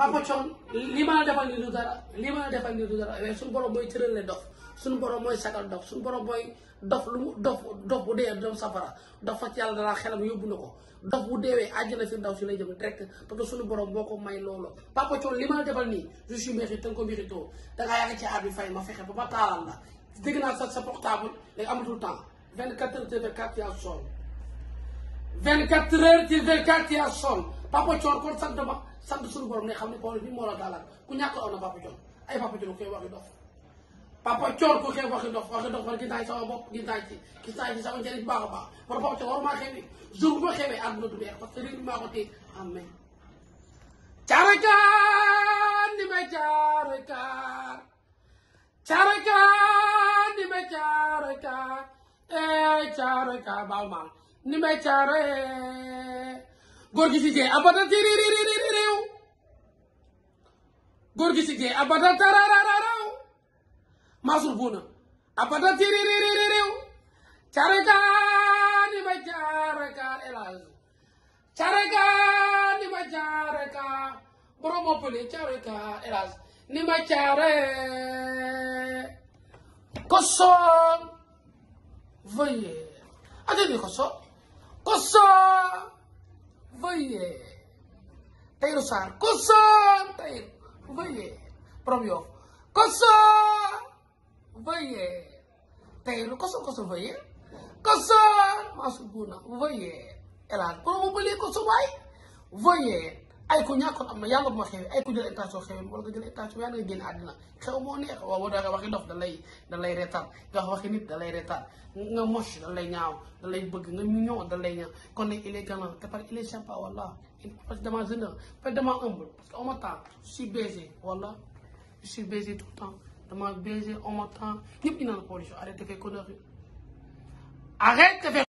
Papa Thione li ma la defal ni du dara li maa la defal ni du dara mais suñu borom mooy tërale dof suñu borom mooy sagal dof suñu borom mooy dof lu mu dof dof bu dee doom safara dof fa ci yàlla dalaa xelam yóbbu na ko dof bu deewee àjjana fi ndaw si lay jëm direct parce que suñu borom boo ko may loolu Papa Thione li ma la defal nii je suis mérite tanga ko mérito dangaa yàgg ci aar bi fay ma fexe ba ma taalal la dégg naa sa sa portable léegi amatul temps 24 heures sur 24 yaa sonn 24 heures sur 24 yaa sonn Papa Thione sant ma sant suñu borom ne xam ne borom bi moo la daalaat ku ñàkk aw na Papa Thione ay Papa Thione koy waxi dof Papa Thione ku koy waxi dof waxi dof man gis naa ci sama bopp gis naa ci gis naa ci sama njëriñ baax a baax war Papa Thione war maa xewee jour bu ma xewee àdduna du neex parce que réew mi maa ko téye amee carakaan di ma carakaan carakaan di ma carakaan eh carakaan baal ma ni ma carakaan eh. góor gi si jee abata tiriririr góor gi si gee abada tarararaw maasul buuna abada tiriririréw carakaani ma jaarakaa elage carakaani ma jaarakaa borom moppale caraka elage ni ma caare kosoon veuillez attendez kosoon kosoon veuillez Tayrou Sarr kosoon Tayrou veuillez borom Yoff Kosso veuillez Tahirou Kosso Kosso veuillez Kosso Mansour Bouna veuillez El Hadj borom Mbale Kosso waay veuillez ay ku ñàkkoon am na yàlla bu ma xewee ay ku jël intention xewee wala nga jël intention yàlla nga génn àddina xew moo neex waaw boo doxee waxi da lay da nga waxi nit da lay nga moche da ñaaw da bëgg nga mignon da lay ñaaw kon nag il est galant te par il parce que dama jeune parce que dama humble parce que on m'attend je suis baisé wala je tout temps dama baisé on m'attend ñëpp ñu naan Pawlish arrête de faire connerie arrête